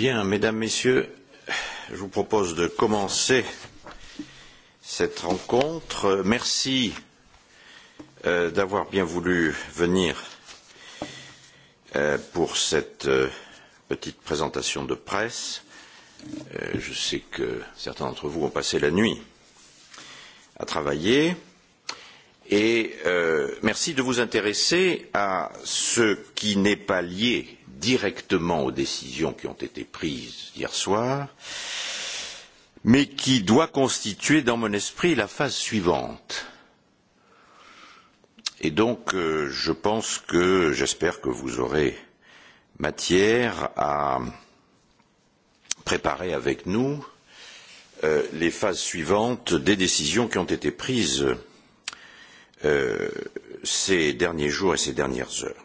Bien, mesdames, messieurs, je vous propose de commencer cette rencontre. Merci d'avoir bien voulu venir pour cette petite présentation de presse. Je sais que certains d'entre vous ont passé la nuit à travailler. Et merci de vous intéresser à ce qui n'est pas lié directement aux décisions qui ont été prises hier soir, mais qui doit constituer dans mon esprit la phase suivante. Et donc, je pense que, j'espère que vous aurez matière à préparer avec nous les phases suivantes des décisions qui ont été prises euh, ces derniers jours et ces dernières heures.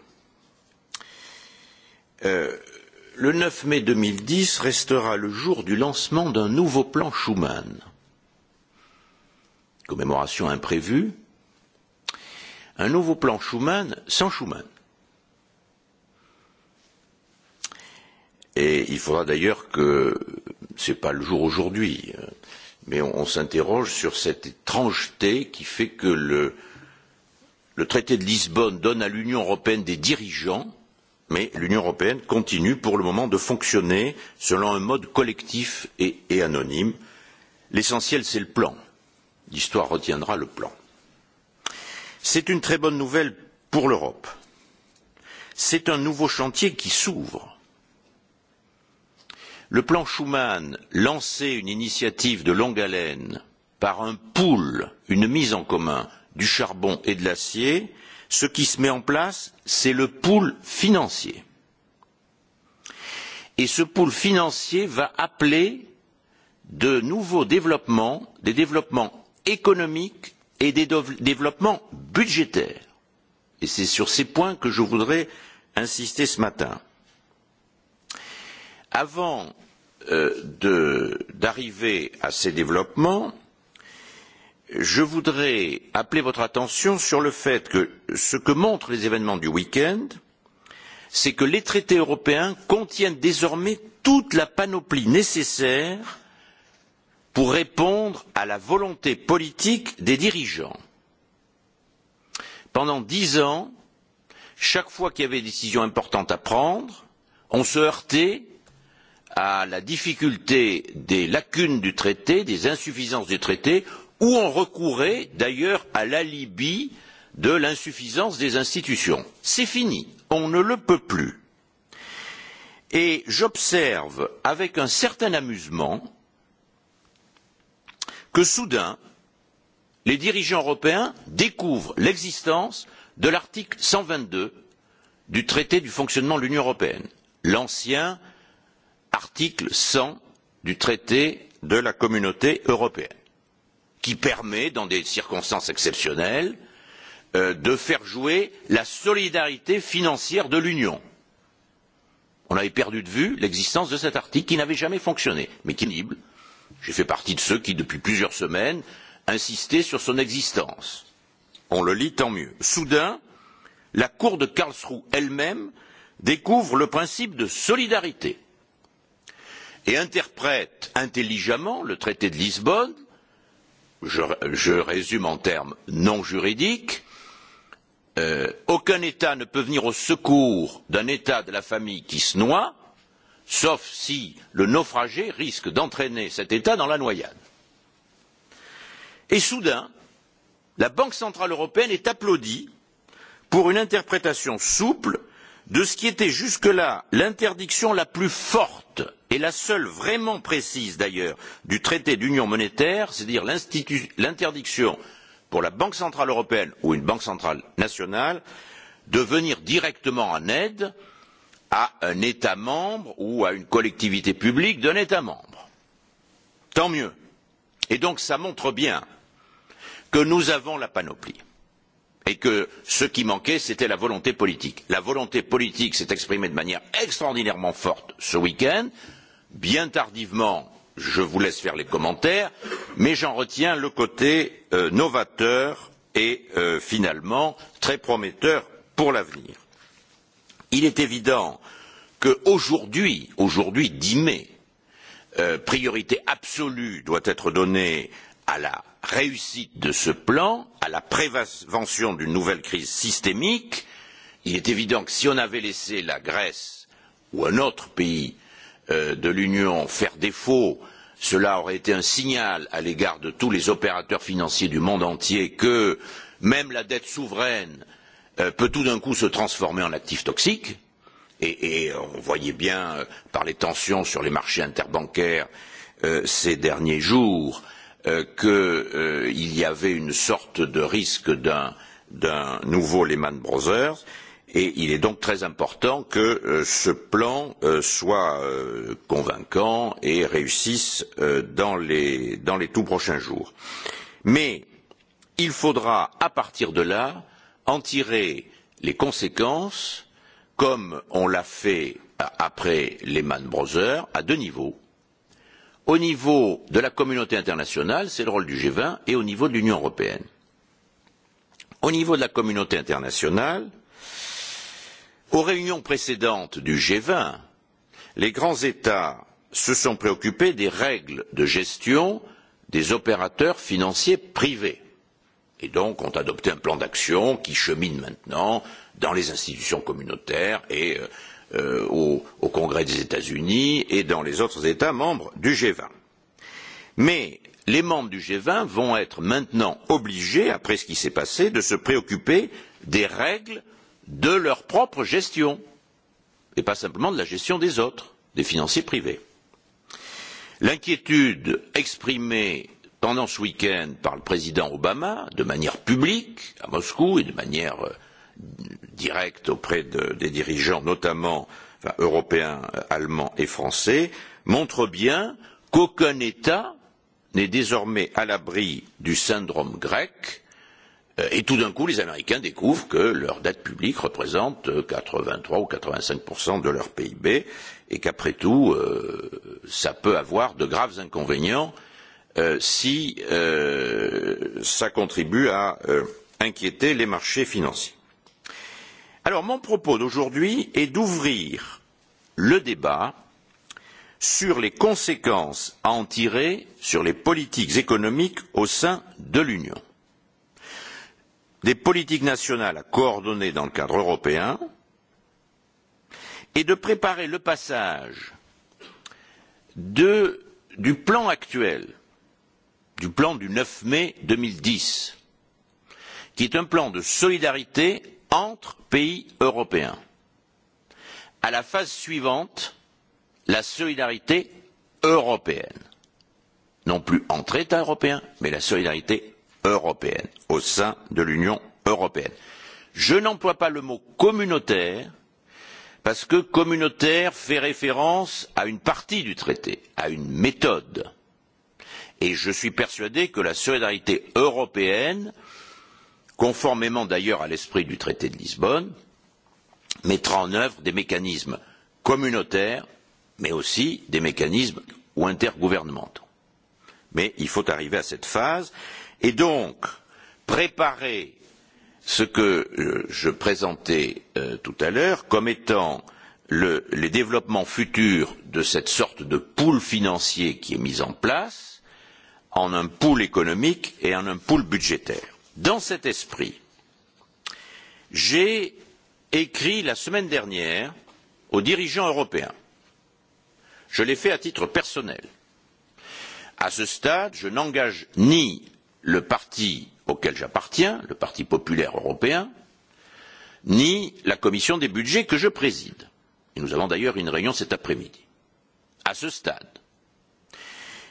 le neuf mai deux mille dix restera le jour du lancement d'un nouveau plan Schuman, commémoration imprévue, un nouveau plan Schuman sans Schuman. Et il faudra d'ailleurs que ce n'est pas le jour aujourd'hui, mais on, s'interroge sur cette étrangeté qui fait que le, le traité de Lisbonne donne à l'Union européenne des dirigeants, mais l'Union européenne continue pour le moment de fonctionner selon un mode collectif et, anonyme. L'essentiel, c'est le plan. L'histoire retiendra le plan. C'est une très bonne nouvelle pour l'Europe. C'est un nouveau chantier qui s'ouvre. Le plan Schuman lançait une initiative de longue haleine par un pool, une mise en commun du charbon et de l'acier, ce qui se met en place, c'est le pool financier. Et ce pool financier va appeler de nouveaux développements, des développements économiques et des développements budgétaires. Et c'est sur ces points que je voudrais insister ce matin. Avant d'arriver à ces développements, je voudrais appeler votre attention sur le fait que ce que montrent les événements du week-end, c'est que les traités européens contiennent désormais toute la panoplie nécessaire pour répondre à la volonté politique des dirigeants. Pendant dix ans, chaque fois qu'il y avait des décisions importantes à prendre, on se heurtait à la difficulté des lacunes du traité, des insuffisances du traité, ou on recourait d'ailleurs à l'alibi de l'insuffisance des institutions. C'est fini, on ne le peut plus. Et j'observe avec un certain amusement que soudain, les dirigeants européens découvrent l'existence de l'article cent vingt deux du traité du fonctionnement de l'Union européenne, l'ancien article cent du traité de la communauté européenne qui permet, dans des circonstances exceptionnelles, de faire jouer la solidarité financière de l'Union. On avait perdu de vue l'existence de cet article qui n'avait jamais fonctionné, mais qui est nible. J'ai fait partie de ceux qui, depuis plusieurs semaines, insistaient sur son existence. On le lit tant mieux. Soudain, la Cour de Karlsruhe elle-même découvre le principe de solidarité et interprète intelligemment le traité de Lisbonne je, résume en termes non juridiques, aucun État ne peut venir au secours d'un État de la famille qui se noie, sauf si le naufragé risque d'entraîner cet État dans la noyade. Et soudain, la Banque centrale européenne est applaudie pour une interprétation souple de ce qui était jusque là l'interdiction la plus forte et la seule vraiment précise d'ailleurs du traité d'union monétaire, c'est à dire l'interdiction pour la Banque centrale européenne ou une banque centrale nationale de venir directement en aide à un État membre ou à une collectivité publique d'un État membre. Tant mieux. Et donc cela montre bien que nous avons la panoplie et que ce qui manquait, c'était la volonté politique. La volonté politique s'est exprimée de manière extraordinairement forte ce week-end, bien tardivement, je vous laisse faire les commentaires, mais j'en retiens le côté novateur et finalement très prometteur pour l'avenir. Il est évident qu'aujourd'hui, aujourd'hui 10 mai, priorité absolue doit être donnée à la réussite de ce plan, à la prévention d'une nouvelle crise systémique. Il est évident que si on avait laissé la Grèce ou un autre pays de l'Union faire défaut, cela aurait été un signal à l'égard de tous les opérateurs financiers du monde entier que même la dette souveraine peut tout d'un coup se transformer en actif toxique. Et, on voyait bien par les tensions sur les marchés interbancaires ces derniers jours qu'il y avait une sorte de risque d'un nouveau Lehman Brothers. Et il est donc très important que ce plan soit convaincant et réussisse dans les, tout prochains jours. Mais il faudra, à partir de là, en tirer les conséquences, comme on l'a fait après Lehman Brothers, à deux niveaux au niveau de la communauté internationale, c'est le rôle du g vingt, et au niveau de l'Union européenne. Au niveau de la communauté internationale, aux réunions précédentes du g vingt, les grands États se sont préoccupés des règles de gestion des opérateurs financiers privés et donc ont adopté un plan d'action qui chemine maintenant dans les institutions communautaires et au, Congrès des États-Unis et dans les autres États membres du g vingt. Mais les membres du g vingt vont être maintenant obligés, après ce qui s'est passé, de se préoccuper des règles de leur propre gestion et pas simplement de la gestion des autres, des financiers privés. L'inquiétude exprimée pendant ce week-end par le président Obama, de manière publique, à Moscou et de manière directe auprès des dirigeants, notamment européens, allemands et français, montre bien qu'aucun État n'est désormais à l'abri du syndrome grec. Et tout d'un coup, les Américains découvrent que leur dette publique représente quatre-vingt-trois ou quatre-vingt-cinq de leur PIB et qu'après tout, cela peut avoir de graves inconvénients si cela contribue à inquiéter les marchés financiers. Alors, mon propos d'aujourd'hui est d'ouvrir le débat sur les conséquences à en tirer sur les politiques économiques au sein de l'Union. Des politiques nationales à coordonner dans le cadre européen et de préparer le passage du plan actuel, du plan du neuf mai deux mille dix, qui est un plan de solidarité entre pays européens. À la phase suivante, la solidarité européenne. Non plus entre États européens, mais la solidarité européenne au sein de l'Union européenne. Je n'emploie pas le mot communautaire parce que communautaire fait référence à une partie du traité, à une méthode. Et je suis persuadé que la solidarité européenne conformément d'ailleurs à l'esprit du traité de Lisbonne, mettra en œuvre des mécanismes communautaires, mais aussi des mécanismes ou intergouvernementaux. Mais il faut arriver à cette phase et donc préparer ce que je présentais tout à l'heure comme étant les développements futurs de cette sorte de pool financier qui est mis en place en un pool économique et en un pool budgétaire. Dans cet esprit, j'ai écrit la semaine dernière aux dirigeants européens. Je l'ai fait à titre personnel. À ce stade, je n'engage ni le parti auquel j'appartiens, le Parti populaire européen, ni la commission des budgets que je préside. Et nous avons d'ailleurs une réunion cet après-midi. À ce stade.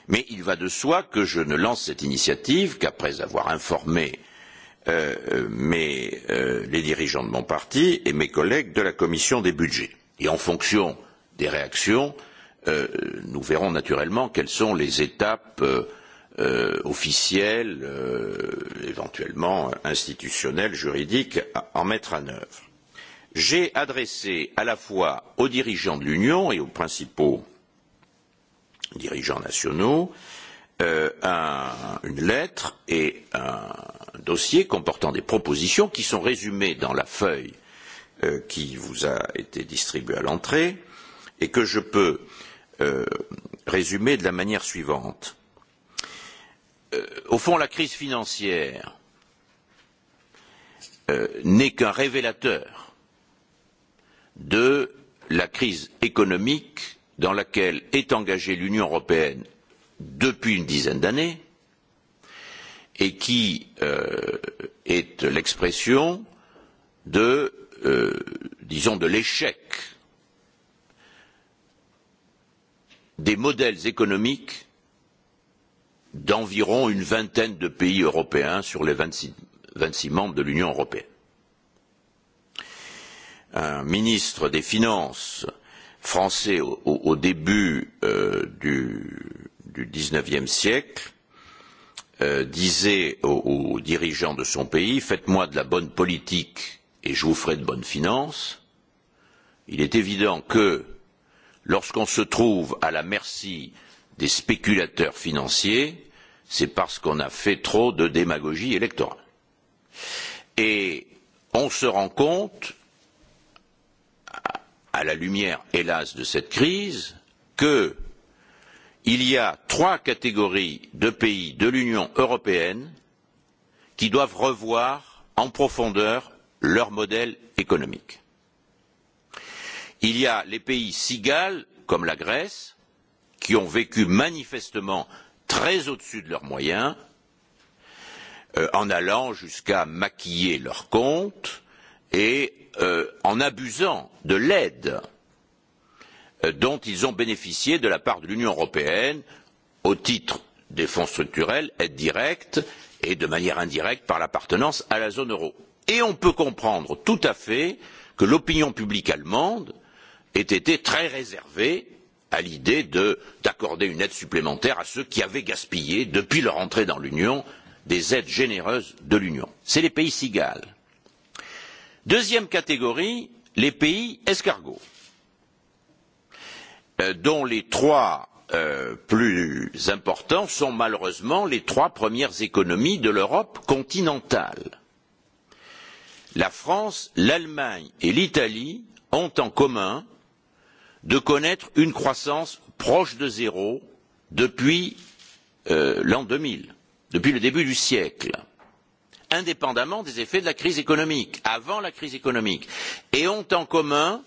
Mais il va de soi que je ne lance cette initiative qu'après avoir informé euh, les dirigeants de mon parti et mes collègues de la commission des budgets. Et en fonction des réactions, nous verrons naturellement quelles sont les étapes officielles, éventuellement institutionnelles, juridiques, à en mettre en œuvre. J'ai adressé à la fois aux dirigeants de l'Union et aux principaux dirigeants nationaux une lettre et un, dossier comportant des propositions qui sont résumées dans la feuille qui vous a été distribuée à l'entrée et que je peux résumer de la manière suivante. au fond, la crise financière n'est qu'un révélateur de la crise économique dans laquelle est engagée l'Union européenne depuis une dizaine d'années et qui est l'expression de, disons, de l'échec des modèles économiques d'environ une vingtaine de pays européens sur les vingt six membres de l'Union européenne. Un ministre des Finances français au, début du, du neuvième siècle disait aux, dirigeants de son pays Faites-moi de la bonne politique et je vous ferai de bonnes finances. Il est évident que lorsqu'on se trouve à la merci des spéculateurs financiers, c'est parce qu'on a fait trop de démagogie électorale. Et on se rend compte, à la lumière, hélas, de cette crise, que il y a trois catégories de pays de l'Union européenne qui doivent revoir en profondeur leur modèle économique. Il y a les pays cigales, comme la Grèce, qui ont vécu manifestement très au-dessus de leurs moyens, en allant jusqu'à maquiller leurs comptes et en abusant de l'aide dont ils ont bénéficié de la part de l'Union européenne au titre des fonds structurels, aides directes et de manière indirecte par l'appartenance à la zone euro. Et on peut comprendre tout à fait que l'opinion publique allemande ait été très réservée à l'idée d'accorder une aide supplémentaire à ceux qui avaient gaspillé, depuis leur entrée dans l'Union, des aides généreuses de l'Union. C'est les pays cigales. Deuxième catégorie, les pays escargots dont les trois plus importants sont malheureusement les trois premières économies de l'Europe continentale. La France, l'Allemagne et l'Italie ont en commun de connaître une croissance proche de zéro depuis l'an deux mille, depuis le début du siècle, indépendamment des effets de la crise économique, avant la crise économique, et ont en commun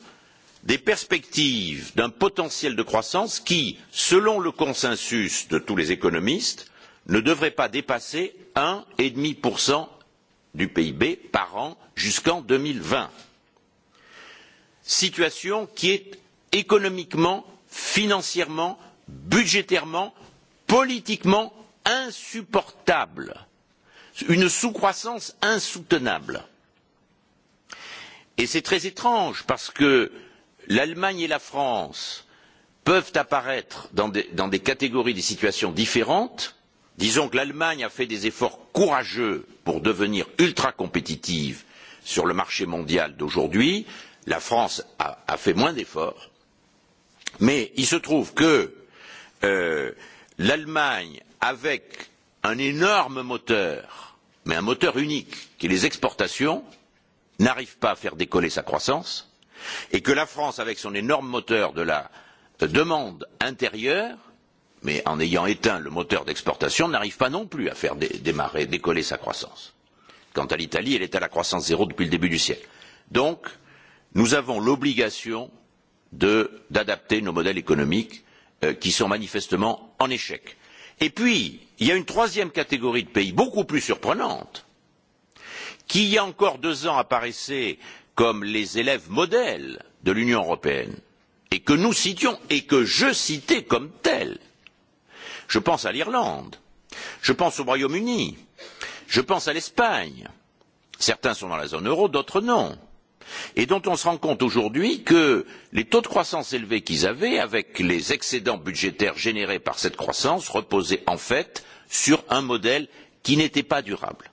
des perspectives d'un potentiel de croissance qui, selon le consensus de tous les économistes, ne devrait pas dépasser un et demi du PIB par an jusqu'en deux mille vingt. Situation qui est économiquement, financièrement, budgétairement, politiquement insupportable, une sous-croissance insoutenable. Et c'est très étrange parce que l'allemagne et la france peuvent apparaître dans des, catégories des situations différentes. Disons que l'Allemagne a fait des efforts courageux pour devenir ultra compétitive sur le marché mondial d'aujourd'hui. La France a, fait moins d'efforts. Mais il se trouve que l'Allemagne, avec un énorme moteur, mais un moteur unique, qui est les exportations, n'arrive pas à faire décoller sa croissance et que la France, avec son énorme moteur de la demande intérieure, mais en ayant éteint le moteur d'exportation, n'arrive pas non plus à faire démarrer, décoller sa croissance. Quant à l'Italie, elle est à la croissance zéro depuis le début du siècle. Donc, nous avons l'obligation d'adapter nos modèles économiques qui sont manifestement en échec. Et puis, il y a une troisième catégorie de pays, beaucoup plus surprenante, qui il y a encore deux ans apparaissait comme les élèves modèles de l'Union européenne, et que nous citions et que je citais comme tels. Je pense à l'Irlande, je pense au Royaume Uni, je pense à l'Espagne certains sont dans la zone euro, d'autres non et dont on se rend compte aujourd'hui que les taux de croissance élevés qu'ils avaient, avec les excédents budgétaires générés par cette croissance, reposaient en fait sur un modèle qui n'était pas durable,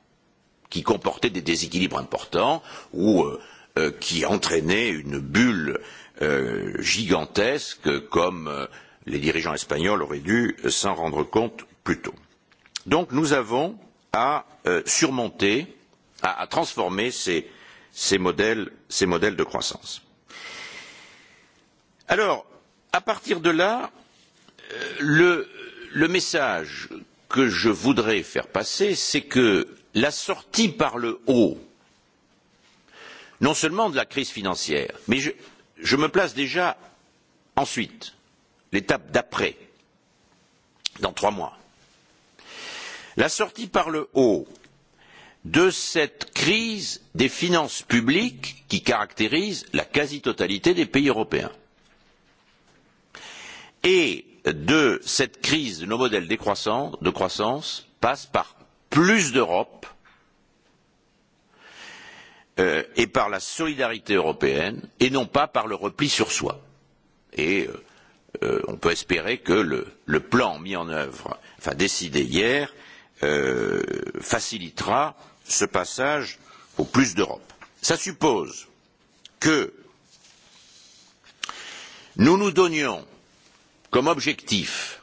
qui comportait des déséquilibres importants, où qui entraînait une bulle gigantesque comme les dirigeants espagnols auraient dû s'en rendre compte plus tôt. Donc nous avons à surmonter, à, transformer ces, modèles, de croissance. Alors, à partir de là, le, message que je voudrais faire passer, c'est que la sortie par le haut non seulement de la crise financière, mais je, me place déjà ensuite, l'étape d'après, dans trois mois. La sortie par le haut de cette crise des finances publiques qui caractérise la quasi-totalité des pays européens et de cette crise de nos modèles de croissance passe par plus d'Europe et par la solidarité européenne et non pas par le repli sur soi. Et on peut espérer que le, plan mis en œuvre, enfin décidé hier, facilitera ce passage au plus d'Europe. Cela suppose que nous nous donnions comme objectif,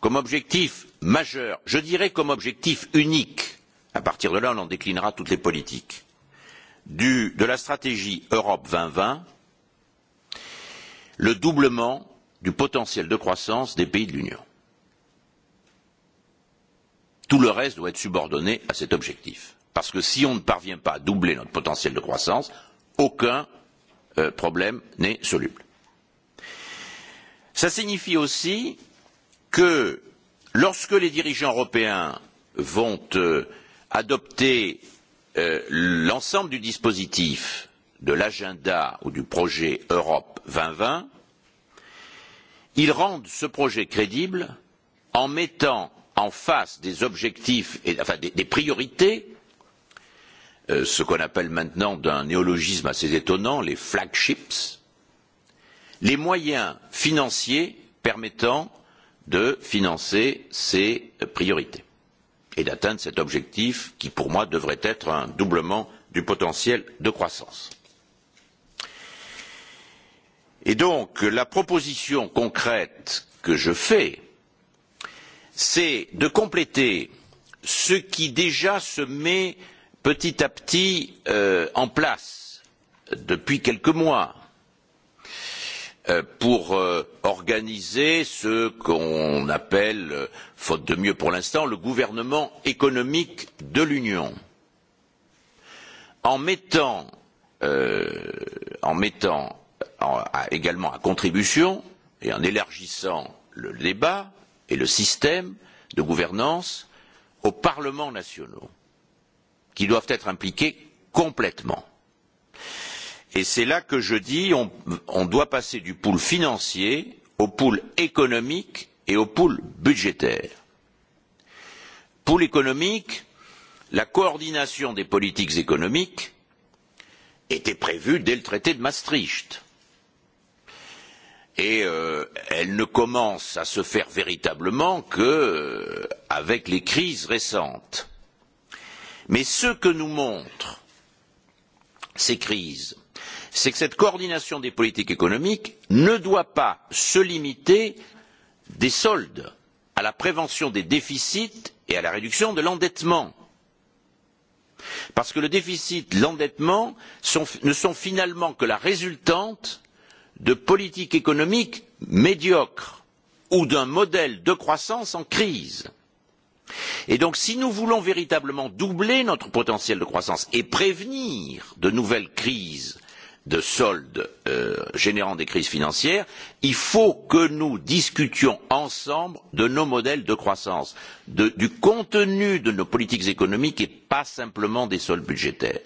comme objectif majeur, je dirais comme objectif unique, à partir de là on en déclinera toutes les politiques, de la stratégie Europe deux mille vingt le doublement du potentiel de croissance des pays de l'Union. Tout le reste doit être subordonné à cet objectif. Parce que si on ne parvient pas à doubler notre potentiel de croissance, aucun problème n'est soluble. Cela signifie aussi que lorsque les dirigeants européens vont adopter l'ensemble du dispositif de l'agenda ou du projet Europe deux mille vingt, ils rendent ce projet crédible en mettant en face des objectifs, et, enfin des, priorités, ce qu'on appelle maintenant d'un néologisme assez étonnant, les flagships, les moyens financiers permettant de financer ces priorités et d'atteindre cet objectif qui, pour moi, devrait être un doublement du potentiel de croissance. Et donc, la proposition concrète que je fais, c'est de compléter ce qui déjà se met petit à petit en place depuis quelques mois pour organiser ce qu'on appelle, faute de mieux pour l'instant, le gouvernement économique de l'Union, en mettant, également à contribution et en élargissant le débat et le système de gouvernance aux parlements nationaux, qui doivent être impliqués complètement. Et c'est là que je dis qu'on doit passer du pool financier au pool économique et au pool budgétaire. Pool économique, la coordination des politiques économiques était prévue dès le traité de Maastricht. Et elle ne commence à se faire véritablement qu'avec les crises récentes. Mais ce que nous montrent ces crises, c'est que cette coordination des politiques économiques ne doit pas se limiter des soldes à la prévention des déficits et à la réduction de l'endettement. Parce que le déficit, et l'endettement ne sont finalement que la résultante de politiques économiques médiocres ou d'un modèle de croissance en crise. Et donc, si nous voulons véritablement doubler notre potentiel de croissance et prévenir de nouvelles crises de soldes générant des crises financières, il faut que nous discutions ensemble de nos modèles de croissance, du contenu de nos politiques économiques et pas simplement des soldes budgétaires.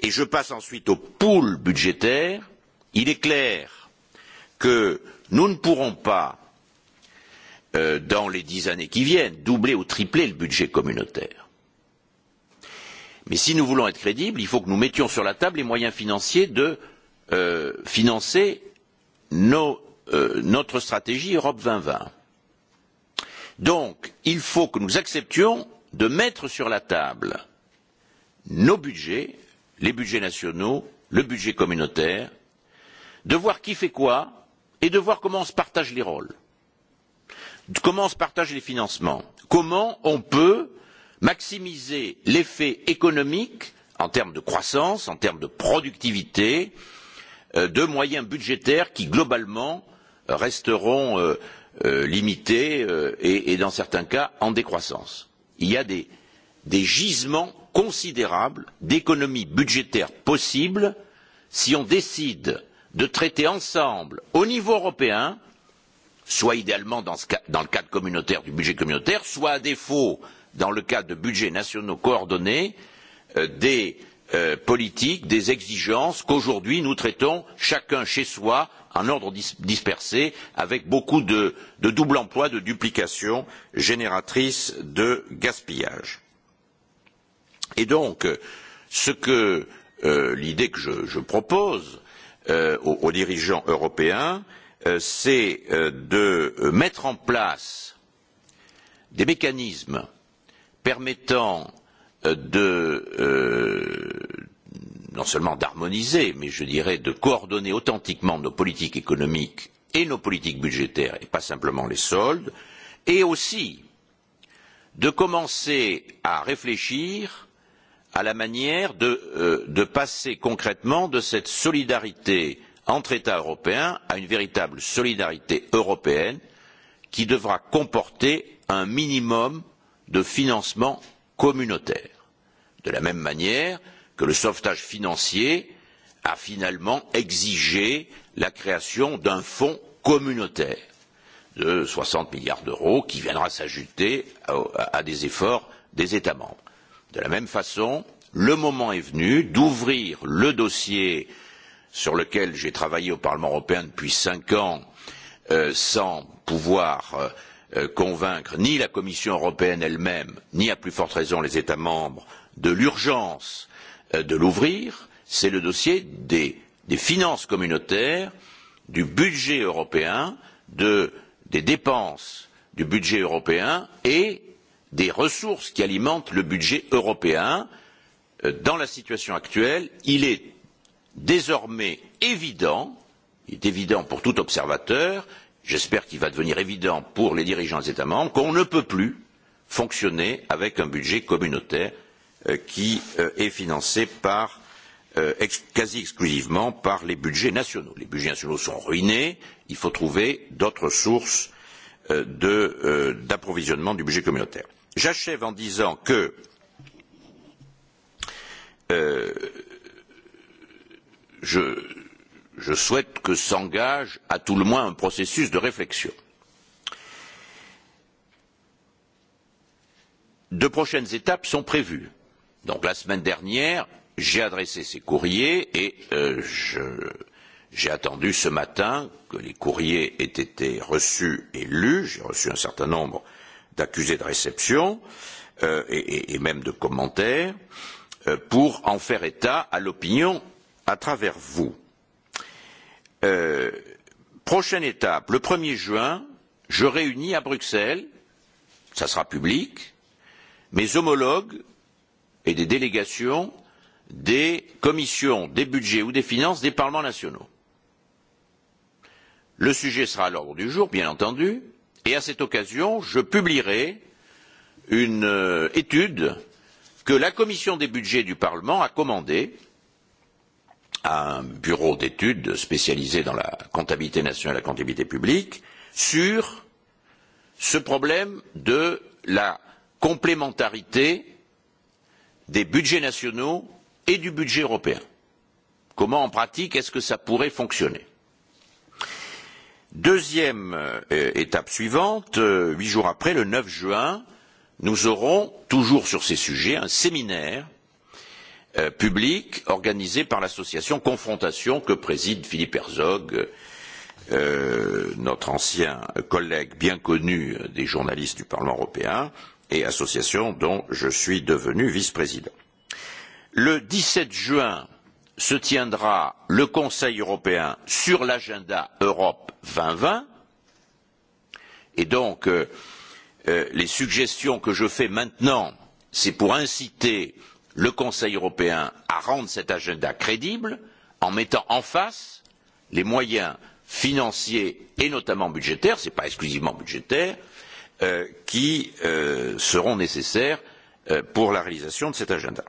Et je passe ensuite au pool budgétaire. Il est clair que nous ne pourrons pas, dans les dix années qui viennent, doubler ou tripler le budget communautaire. Mais si nous voulons être crédibles, il faut que nous mettions sur la table les moyens financiers de financer notre stratégie Europe deux mille vingt. Donc, il faut que nous acceptions de mettre sur la table nos budgets, les budgets nationaux, le budget communautaire, de voir qui fait quoi et de voir comment on se partage les rôles, comment on se partage les financements, comment on peut maximiser l'effet économique en termes de croissance, en termes de productivité, de moyens budgétaires qui, globalement, resteront limités et, dans certains cas, en décroissance. Il y a des, gisements considérables d'économies budgétaires possibles si on décide de traiter ensemble, au niveau européen, soit idéalement dans, le cadre communautaire du budget communautaire, soit à défaut euh, dans le cadre de budgets nationaux coordonnés, des politiques, des exigences qu'aujourd'hui nous traitons chacun chez soi, en ordre dispersé, avec beaucoup de, double emploi, de duplication génératrice de gaspillage. Et donc, ce que l'idée que je, propose aux, dirigeants européens, c'est de mettre en place des mécanismes permettant non seulement d'harmoniser, mais je dirais de coordonner authentiquement nos politiques économiques et nos politiques budgétaires, et pas simplement les soldes, et aussi de commencer à réfléchir à la manière de, passer concrètement de cette solidarité entre États européens à une véritable solidarité européenne qui devra comporter un minimum de financement communautaire. De la même manière que le sauvetage financier a finalement exigé la création d'un fonds communautaire de soixante milliards d'euros qui viendra s'ajouter à, des efforts des États membres. De la même façon, le moment est venu d'ouvrir le dossier sur lequel j'ai travaillé au Parlement européen depuis cinq ans sans pouvoir convaincre ni la Commission européenne elle-même, ni à plus forte raison les États membres de l'urgence de l'ouvrir, c'est le dossier des, finances communautaires, du budget européen, des dépenses du budget européen et des ressources qui alimentent le budget européen. Dans la situation actuelle, il est désormais évident, il est évident pour tout observateur, j'espère qu'il va devenir évident pour les dirigeants des États membres qu'on ne peut plus fonctionner avec un budget communautaire qui est financé quasi exclusivement par les budgets nationaux. Les budgets nationaux sont ruinés, il faut trouver d'autres sources d'approvisionnement du budget communautaire. J'achève en disant que je, je souhaite que s'engage à tout le moins un processus de réflexion. Deux prochaines étapes sont prévues. Donc la semaine dernière, j'ai adressé ces courriers et j'ai attendu ce matin que les courriers aient été reçus et lus. J'ai reçu un certain nombre d'accusés de réception et, même de commentaires pour en faire état à l'opinion à travers vous prochaine étape, le 1er juin, je réunis à Bruxelles, ça sera public, mes homologues et des délégations des commissions des budgets ou des finances des parlements nationaux. Le sujet sera à l'ordre du jour, bien entendu, et à cette occasion, je publierai une étude que la commission des budgets du Parlement a commandée à un bureau d'études spécialisé dans la comptabilité nationale et la comptabilité publique sur ce problème de la complémentarité des budgets nationaux et du budget européen. Comment en pratique est-ce que ça pourrait fonctionner Deuxième étape suivante, huit jours après, le neuf juin, nous aurons toujours sur ces sujets un séminaire public organisé par l'association Confrontation que préside Philippe Herzog, notre ancien collègue bien connu des journalistes du Parlement européen et association dont je suis devenu vice-président. Le dix sept juin se tiendra le Conseil européen sur l'agenda Europe deux mille vingt et donc les suggestions que je fais maintenant, c'est pour inciter euh, le Conseil européen à rendre cet agenda crédible en mettant en face les moyens financiers et notamment budgétaires, ce n'est pas exclusivement budgétaire, qui seront nécessaires pour la réalisation de cet agenda.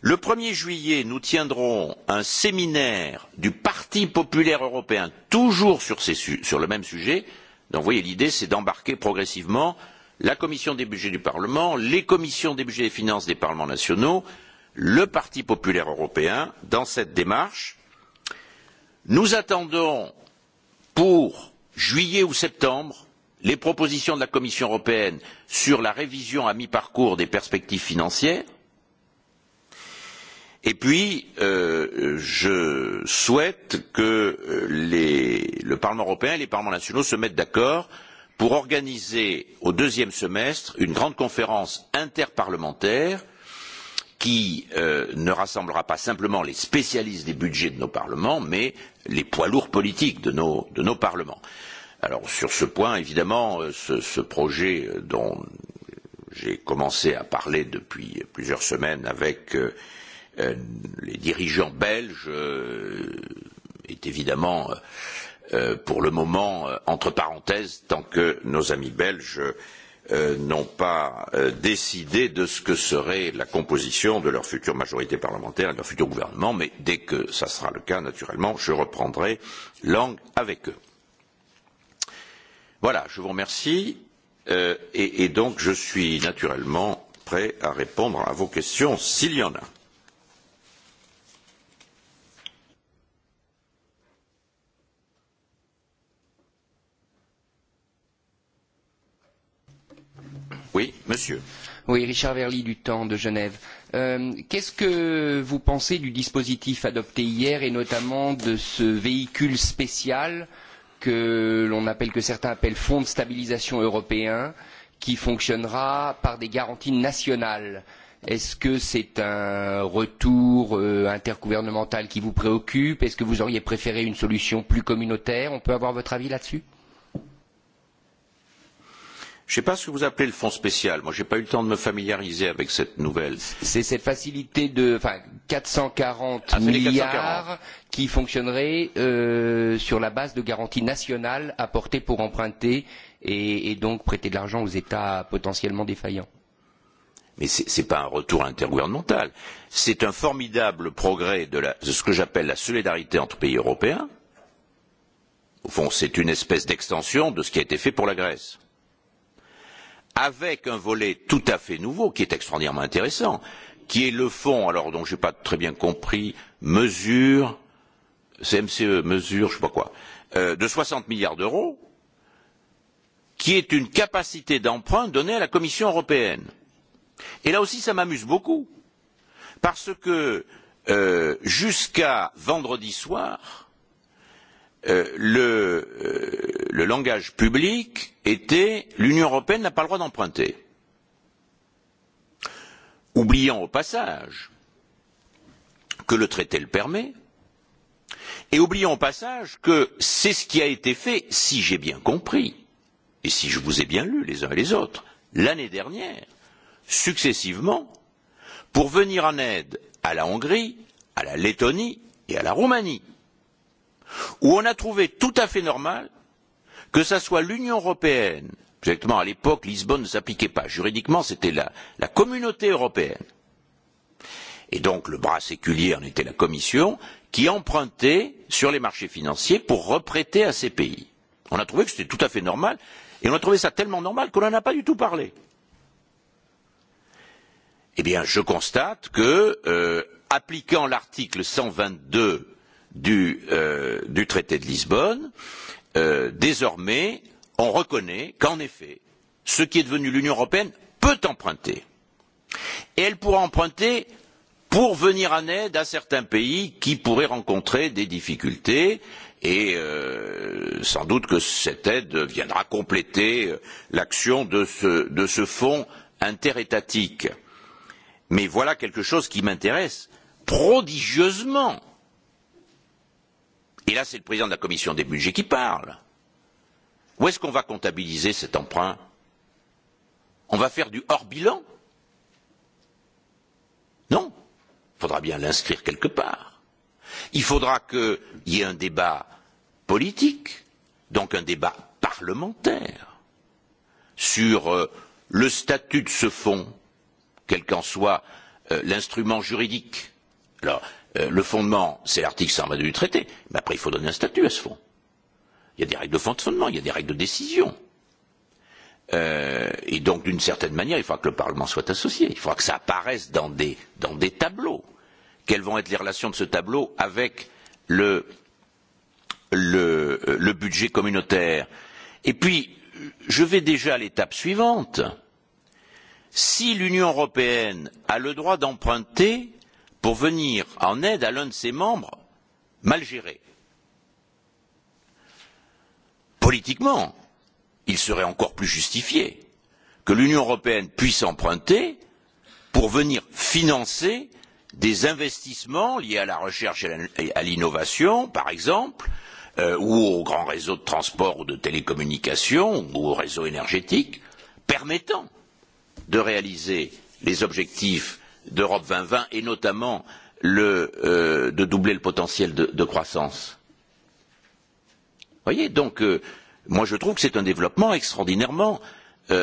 Le 1er juillet, nous tiendrons un séminaire du Parti populaire européen, toujours sur, le même sujet. Donc, vous voyez, l'idée, c'est d'embarquer progressivement la commission des budgets du Parlement, les commissions des budgets et des finances des parlements nationaux, le Parti populaire européen dans cette démarche. Nous attendons pour juillet ou septembre les propositions de la Commission européenne sur la révision à mi-parcours des perspectives financières. Et puis, je souhaite que le Parlement européen et les parlements nationaux se mettent d'accord pour organiser au deuxième semestre une grande conférence interparlementaire qui ne rassemblera pas simplement les spécialistes des budgets de nos parlements, mais les poids lourds politiques de nos, parlements. Alors sur ce point, évidemment, ce, projet dont j'ai commencé à parler depuis plusieurs semaines avec les dirigeants belges est évidemment pour le moment entre parenthèses tant que nos amis belges n'ont pas décidé de ce que serait la composition de leur future majorité parlementaire et de leur futur gouvernement, mais dès que ce sera le cas, naturellement, je reprendrai langue avec eux. Voilà, je vous remercie et donc je suis naturellement prêt à répondre à vos questions s'il y en a. Monsieur. Oui, Richard Verly du Temps de Genève. Qu'est-ce que vous pensez du dispositif adopté hier et notamment de ce véhicule spécial que l'on appelle, que certains appellent fonds de stabilisation européen, qui fonctionnera par des garanties nationales Est-ce que c'est un retour intergouvernemental qui vous préoccupe Est-ce que vous auriez préféré une solution plus communautaire On peut avoir votre avis là-dessus Je ne sais pas ce que vous appelez le fonds spécial. Moi, je n'ai pas eu le temps de me familiariser avec cette nouvelle. C'est cette facilité de quatre 440 ah, milliards qui fonctionnerait euh, sur la base de garanties nationales apportées pour emprunter et, et donc prêter de l'argent aux États potentiellement défaillants. Mais ce n'est pas un retour intergouvernemental. C'est un formidable progrès de, la, de ce que j'appelle la solidarité entre pays européens. Au fond, c'est une espèce d'extension de ce qui a été fait pour la Grèce avec un volet tout à fait nouveau qui est extraordinairement intéressant, qui est le fonds, alors dont je n'ai pas très bien compris, mesure, CMCE, mesure, je ne sais pas quoi, de soixante milliards d'euros, qui est une capacité d'emprunt donnée à la Commission européenne. Et là aussi, ça m'amuse beaucoup, parce que jusqu'à vendredi soir, le, langage public était l'Union européenne n'a pas le droit d'emprunter. Oubliant au passage que le traité le permet, et oubliant au passage que c'est ce qui a été fait, si j'ai bien compris, et si je vous ai bien lu les uns et les autres, l'année dernière, successivement, pour venir en aide à la Hongrie, à la Lettonie et à la Roumanie où on a trouvé tout à fait normal que ce soit l'Union européenne, exactement à l'époque Lisbonne ne s'appliquait pas, juridiquement c'était la, la communauté européenne, et donc le bras séculier en était la Commission, qui empruntait sur les marchés financiers pour reprêter à ces pays. On a trouvé que c'était tout à fait normal, et on a trouvé ça tellement normal qu'on n'en a pas du tout parlé. Eh bien, je constate que, appliquant l'article cent vingt deux du, traité de Lisbonne, désormais, on reconnaît qu'en effet, ce qui est devenu l'Union européenne peut emprunter. Et elle pourra emprunter pour venir en aide à certains pays qui pourraient rencontrer des difficultés et sans doute que cette aide viendra compléter l'action de ce, fonds interétatique. Mais voilà quelque chose qui m'intéresse prodigieusement Et là, c'est le président de la commission des budgets qui parle. Où est-ce qu'on va comptabiliser cet emprunt On va faire du hors bilan Non. Il faudra bien l'inscrire quelque part. Il faudra qu'il y ait un débat politique, donc un débat parlementaire, sur le statut de ce fonds, quel qu'en soit l'instrument juridique. Alors, le fondement, c'est l'article 122 du traité, mais après il faut donner un statut à ce fonds. Il y a des règles de fonctionnement, il y a des règles de décision. Euh, et donc, d'une certaine manière, il faudra que le Parlement soit associé. Il faudra que ça apparaisse dans des, dans des tableaux. Quelles vont être les relations de ce tableau avec le, le, le budget communautaire Et puis, je vais déjà à l'étape suivante. Si l'Union européenne a le droit d'emprunter pour venir en aide à l'un de ses membres mal géré. Politiquement, il serait encore plus justifié que l'Union européenne puisse emprunter pour venir financer des investissements liés à la recherche et à l'innovation, par exemple, ou aux grands réseaux de transport ou de télécommunications ou aux réseaux énergétiques, permettant de réaliser les objectifs d'Europe deux mille vingt et notamment de doubler le potentiel de, croissance. Vous voyez, donc, moi je trouve que c'est un développement extraordinairement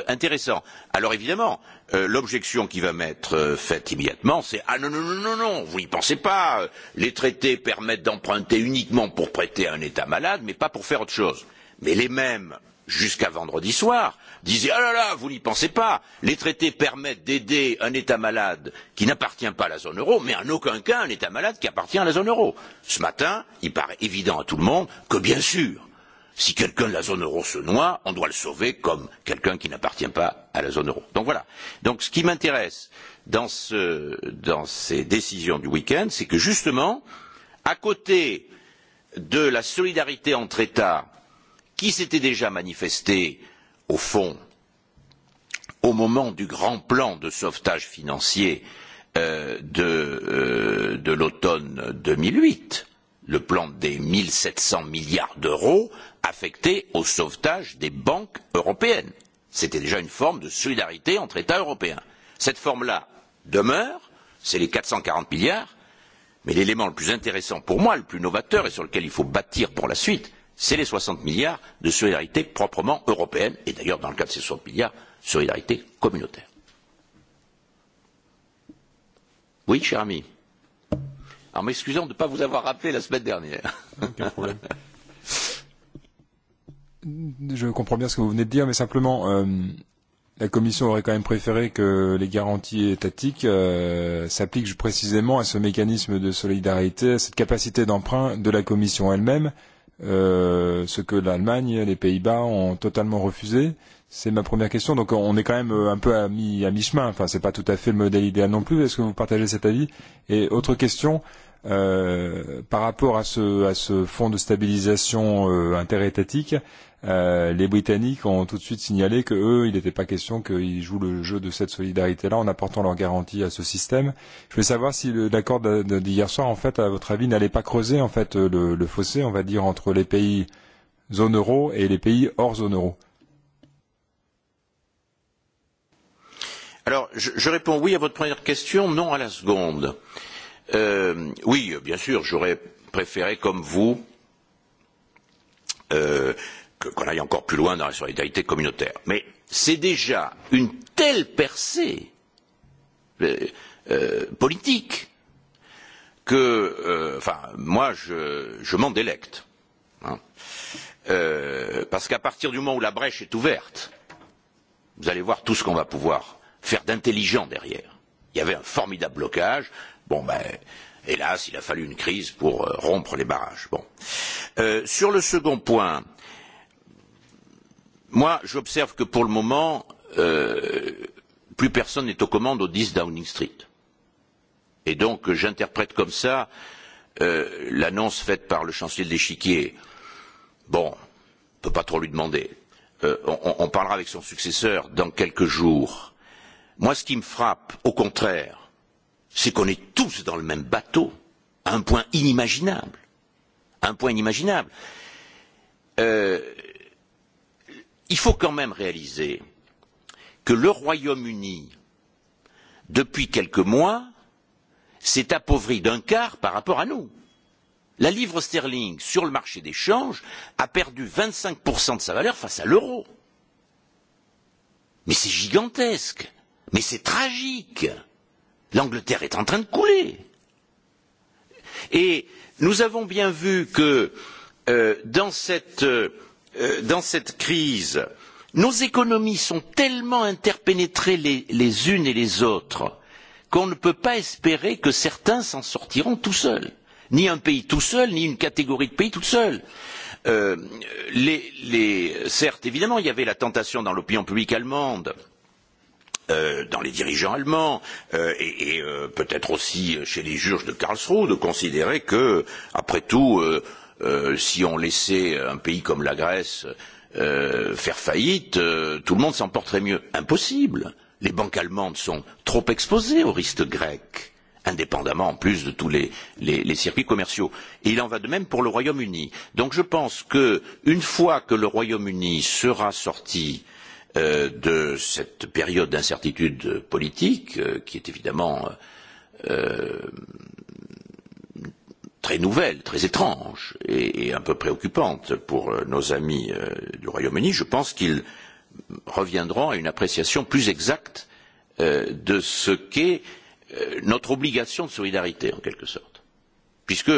intéressant. Alors évidemment, l'objection qui va m'être faite immédiatement, c'est Ah non, non, non, non, non, vous n'y pensez pas. Les traités permettent d'emprunter uniquement pour prêter à un État malade, mais pas pour faire autre chose. Mais les mêmes jusqu'à vendredi soir, disait Ah là là, vous n'y pensez pas, les traités permettent d'aider un État malade qui n'appartient pas à la zone euro, mais en aucun cas un État malade qui appartient à la zone euro. Ce matin, il paraît évident à tout le monde que, bien sûr, si quelqu'un de la zone euro se noie, on doit le sauver comme quelqu'un qui n'appartient pas à la zone euro. Donc voilà. Donc ce qui m'intéresse dans, ces décisions du week-end, c'est que justement, à côté de la solidarité entre États qui s'était déjà manifesté, au fond, au moment du grand plan de sauvetage financier de, l'automne deux mille huit, le plan des sept cents milliards d'euros affectés au sauvetage des banques européennes. C'était déjà une forme de solidarité entre États européens. Cette forme-là demeure, c'est les quatre cent quarante milliards, mais l'élément le plus intéressant pour moi, le plus novateur et sur lequel il faut bâtir pour la suite, c'est les soixante milliards de solidarité proprement européenne, et d'ailleurs, dans le cadre de ces soixante milliards, solidarité communautaire. Oui, cher ami. En m'excusant de ne pas vous avoir rappelé la semaine dernière. Aucun problème. Je comprends bien ce que vous venez de dire, mais simplement, euh, la Commission aurait quand même préféré que les garanties étatiques euh, s'appliquent précisément à ce mécanisme de solidarité, à cette capacité d'emprunt de la Commission elle-même, ce que l'Allemagne, les Pays-Bas ont totalement refusé. C'est ma première question. Donc on est quand même un peu à mi à mi-chemin. Enfin, c'est pas tout à fait le modèle idéal non plus. Est-ce que vous partagez cet avis Et autre question euh, par rapport à ce à ce fonds de stabilisation euh, interétatique les Britanniques ont tout de suite signalé que eux, il n'était pas question qu'ils jouent le jeu de cette solidarité-là en apportant leur garantie à ce système. Je voulais savoir si l'accord d'hier soir, en fait, à votre avis, n'allait pas creuser en fait le, le fossé, on va dire, entre les pays zone euro et les pays hors zone euro. Alors, je, je réponds oui à votre première question, non à la seconde. Euh, oui, bien sûr, j'aurais préféré, comme vous, euh, qu'on aille encore plus loin dans la solidarité communautaire. Mais c'est déjà une telle percée politique que, enfin, moi, je, m'en délecte. parce qu'à partir du moment où la brèche est ouverte, vous allez voir tout ce qu'on va pouvoir faire d'intelligent derrière. Il y avait un formidable blocage. Bon, ben, hélas, il a fallu une crise pour rompre les barrages. Bon. sur le second point, Moi, j'observe que pour le moment, plus personne n'est aux commandes au 10 Downing Street. Et donc, j'interprète comme ça l'annonce faite par le chancelier de l'échiquier. Bon, on ne peut pas trop lui demander. on, parlera avec son successeur dans quelques jours. Moi, ce qui me frappe, au contraire, c'est qu'on est tous dans le même bateau, à un point inimaginable. À un point inimaginable il faut quand même réaliser que le Royaume Uni, depuis quelques mois, s'est appauvri d'un quart par rapport à nous. La livre sterling sur le marché des changes a perdu vingt cinq de sa valeur face à l'euro. Mais c'est gigantesque, mais c'est tragique. L'Angleterre est en train de couler. Et nous avons bien vu que dans cette dans cette crise, nos économies sont tellement interpénétrées les, unes et les autres qu'on ne peut pas espérer que certains s'en sortiront tout seuls. Ni un pays tout seul, ni une catégorie de pays tout seul. certes, évidemment, il y avait la tentation dans l'opinion publique allemande dans les dirigeants allemands et, peut-être aussi chez les juges de Karlsruhe de considérer que, après tout, si on laissait un pays comme la Grèce faire faillite, tout le monde s'en porterait mieux. Impossible. Les banques allemandes sont trop exposées aux risques grecs, indépendamment en plus de tous les, circuits commerciaux. Et il en va de même pour le Royaume-Uni. Donc je pense que, une fois que le Royaume-Uni sera sorti de cette période d'incertitude politique, qui est évidemment très nouvelle, très étrange et, un peu préoccupante pour nos amis du Royaume-Uni, je pense qu'ils reviendront à une appréciation plus exacte de ce qu'est notre obligation de solidarité, en quelque sorte. Puisque,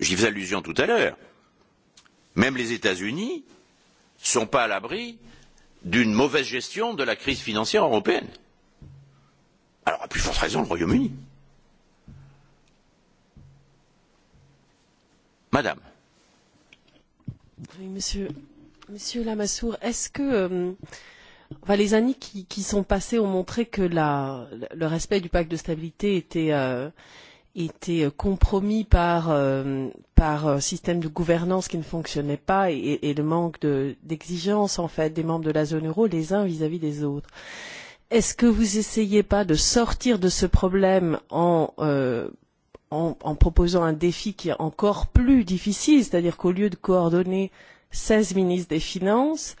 j'y fais allusion tout à l'heure, même les États-Unis ne sont pas à l'abri d'une mauvaise gestion de la crise financière européenne. Alors, à plus forte raison, le Royaume-Uni. Madame. monsieur, Lamassoure, est-ce que les années qui, sont passées ont montré que le respect du pacte de stabilité était, compromis par, un système de gouvernance qui ne fonctionnait pas et, le manque d'exigence en fait des membres de la zone euro les uns vis-à-vis des autres. Est-ce que vous essayez pas de sortir de ce problème en en, en proposant un défi qui est encore plus difficile, c'est-à-dire qu'au lieu de coordonner seize ministres des Finances,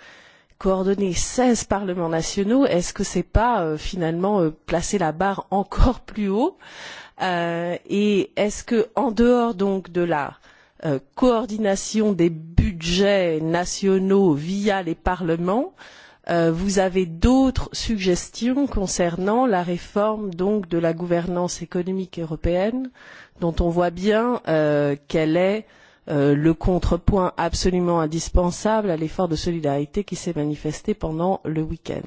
coordonner seize parlements nationaux, est-ce que ce n'est pas finalement placer la barre encore plus haut Et est-ce que, en dehors donc de la coordination des budgets nationaux via les parlements, euh, vous avez d'autres suggestions concernant la réforme donc de la gouvernance économique européenne, dont on voit bien qu'elle est le contrepoint absolument indispensable à l'effort de solidarité qui s'est manifesté pendant le week-end.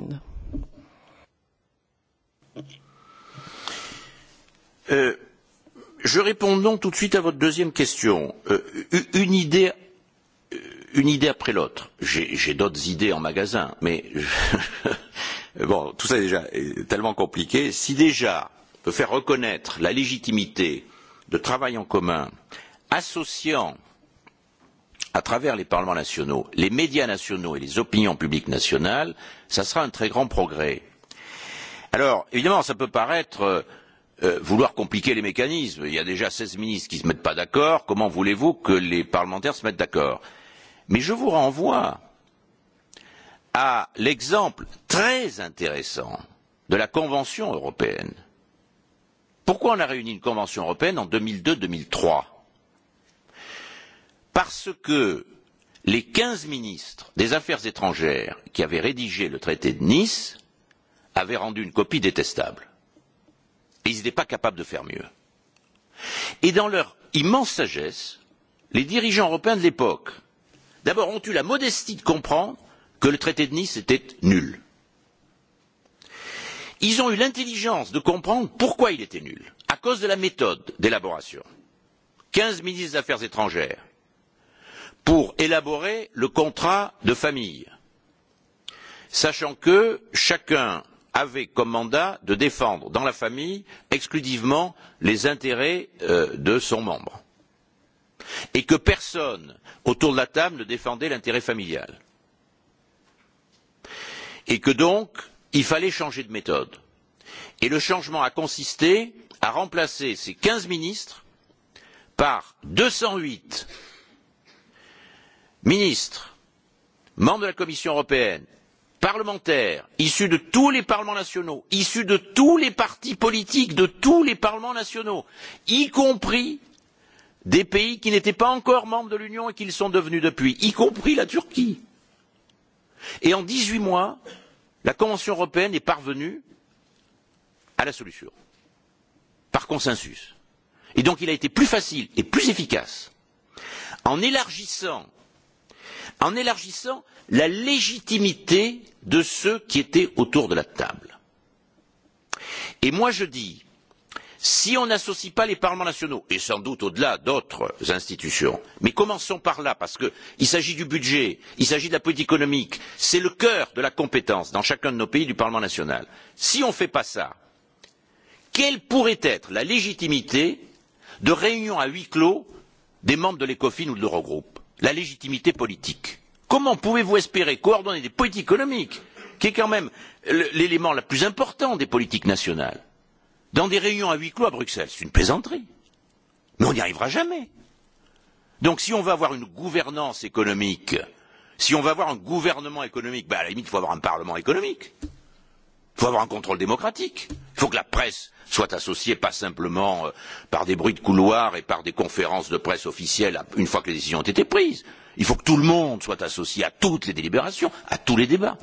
je réponds donc tout de suite à votre deuxième question. une idée une idée après l'autre. J'ai d'autres idées en magasin, mais bon, tout ça est déjà tellement compliqué. Si déjà on peut faire reconnaître la légitimité de travail en commun, associant à travers les parlements nationaux, les médias nationaux et les opinions publiques nationales, ça sera un très grand progrès. Alors, évidemment, ça peut paraître vouloir compliquer les mécanismes. Il y a déjà seize ministres qui ne se mettent pas d'accord. Comment voulez-vous que les parlementaires se mettent d'accord Mais je vous renvoie à l'exemple très intéressant de la Convention européenne. Pourquoi on a réuni une Convention européenne en deux mille deux deux mille trois? Parce que les quinze ministres des Affaires étrangères qui avaient rédigé le traité de Nice avaient rendu une copie détestable. Et ils n'étaient pas capables de faire mieux. Et dans leur immense sagesse, les dirigeants européens de l'époque d'abord ont eu la modestie de comprendre que le traité de Nice était nul. Ils ont eu l'intelligence de comprendre pourquoi il était nul, à cause de la méthode d'élaboration. Quinze ministres des Affaires étrangères pour élaborer le contrat de famille, sachant que chacun avait comme mandat de défendre dans la famille exclusivement les intérêts de son membre et que personne autour de la table ne défendait l'intérêt familial. Et que donc, il fallait changer de méthode. Et le changement a consisté à remplacer ces quinze ministres par deux cent huit ministres, membres de la Commission européenne, parlementaires, issus de tous les parlements nationaux, issus de tous les partis politiques, de tous les parlements nationaux, y compris des pays qui n'étaient pas encore membres de l'Union et qui le sont devenus depuis, y compris la Turquie. Et en dix huit mois, la Convention européenne est parvenue à la solution, par consensus. Et donc il a été plus facile et plus efficace, en élargissant, en élargissant la légitimité de ceux qui étaient autour de la table. Et moi je dis, si on n'associe pas les parlements nationaux et sans doute au delà d'autres institutions mais commençons par là parce qu'il s'agit du budget il s'agit de la politique économique c'est le cœur de la compétence dans chacun de nos pays du parlement national si on ne fait pas cela quelle pourrait être la légitimité de réunions à huis clos des membres de l'ECOFIN ou de l'Eurogroupe La légitimité politique. Comment pouvez vous espérer coordonner des politiques économiques, qui est quand même l'élément le plus important des politiques nationales, dans des réunions à huis clos à Bruxelles. C'est une plaisanterie. Mais on n'y arrivera jamais. Donc si on veut avoir une gouvernance économique, si on veut avoir un gouvernement économique, ben, à la limite, il faut avoir un parlement économique. Il faut avoir un contrôle démocratique. Il faut que la presse soit associée, pas simplement par des bruits de couloir et par des conférences de presse officielles une fois que les décisions ont été prises. Il faut que tout le monde soit associé à toutes les délibérations, à tous les débats.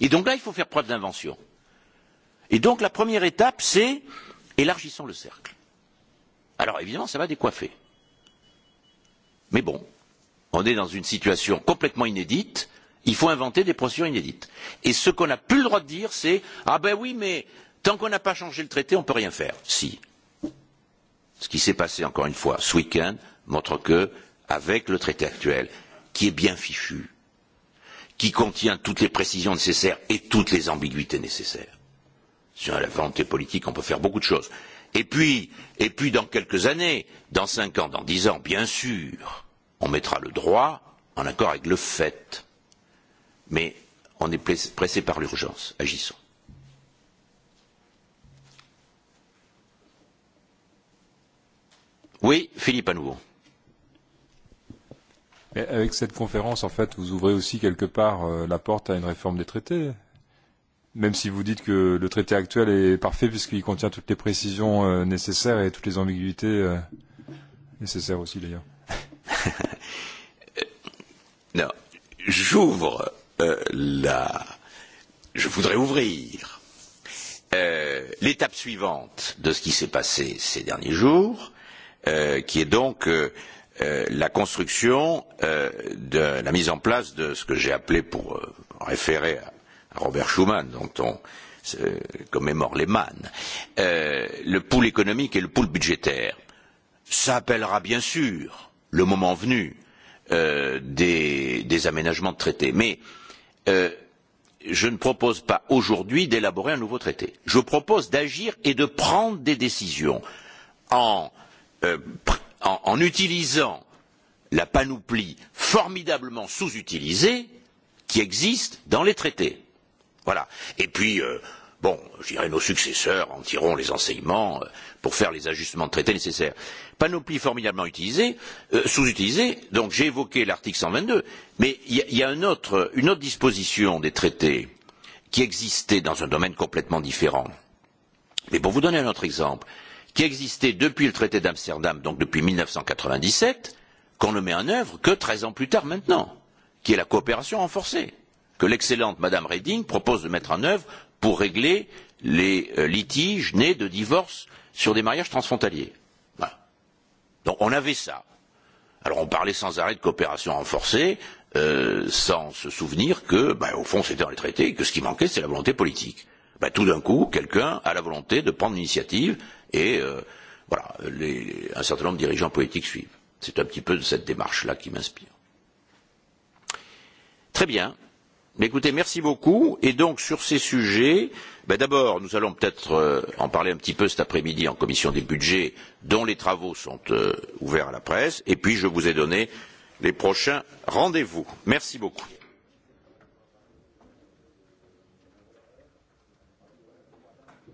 Et donc là, il faut faire preuve d'invention. Et donc la première étape, c'est élargissons le cercle. Alors évidemment, ça va décoiffer. Mais bon, on est dans une situation complètement inédite, il faut inventer des procédures inédites. Et ce qu'on n'a plus le droit de dire, c'est Ah ben oui, mais tant qu'on n'a pas changé le traité, on ne peut rien faire. Si. Ce qui s'est passé, encore une fois, ce week-end, montre que, avec le traité actuel, qui est bien fichu, qui contient toutes les précisions nécessaires et toutes les ambiguïtés nécessaires, Sur la volonté politique, on peut faire beaucoup de choses. Et puis, et puis dans quelques années, dans cinq ans, dans dix ans, bien sûr, on mettra le droit en accord avec le fait. Mais on est pressé par l'urgence. Agissons. Oui, Philippe à nouveau. Mais avec cette conférence, en fait, vous ouvrez aussi quelque part la porte à une réforme des traités même si vous dites que le traité actuel est parfait puisqu'il contient toutes les précisions nécessaires et toutes les ambiguïtés nécessaires aussi d'ailleurs. non, j'ouvre la. Je voudrais ouvrir l'étape suivante de ce qui s'est passé ces derniers jours, qui est donc la construction de la mise en place de ce que j'ai appelé, pour référer à Robert Schuman, dont on commémore les mannes, le pool économique et le pool budgétaire. Ça appellera bien sûr, le moment venu, des, aménagements de traité. Mais je ne propose pas aujourd'hui d'élaborer un nouveau traité. Je propose d'agir et de prendre des décisions en, utilisant la panoplie formidablement sous-utilisée qui existe dans les traités Voilà. Et puis, bon, je dirais, nos successeurs en tireront les enseignements pour faire les ajustements de traité nécessaires. Panoplie formidablement utilisée, sous-utilisée, donc j'ai évoqué l'article cent vingt deux, mais il y a, une autre disposition des traités qui existait dans un domaine complètement différent. Mais pour vous donner un autre exemple, qui existait depuis le traité d'Amsterdam, donc depuis mille neuf cent quatre-vingt-dix-sept, qu'on ne met en œuvre que treize ans plus tard maintenant, qui est la coopération renforcée que l'excellente Madame Reding propose de mettre en œuvre pour régler les litiges nés de divorces sur des mariages transfrontaliers. Voilà. Donc on avait ça. Alors on parlait sans arrêt de coopération renforcée, euh, sans se souvenir que, ben, au fond, c'était dans les traités, et que ce qui manquait, c'est la volonté politique. Ben, tout d'un coup, quelqu'un a la volonté de prendre l'initiative et euh, voilà, les, un certain nombre de dirigeants politiques suivent. C'est un petit peu de cette démarche-là qui m'inspire. Très bien. Écoutez, merci beaucoup. Et donc, sur ces sujets, d'abord, nous allons peut-être en parler un petit peu cet après-midi en commission des budgets, dont les travaux sont ouverts à la presse. Et puis, je vous ai donné les prochains rendez-vous. Merci beaucoup.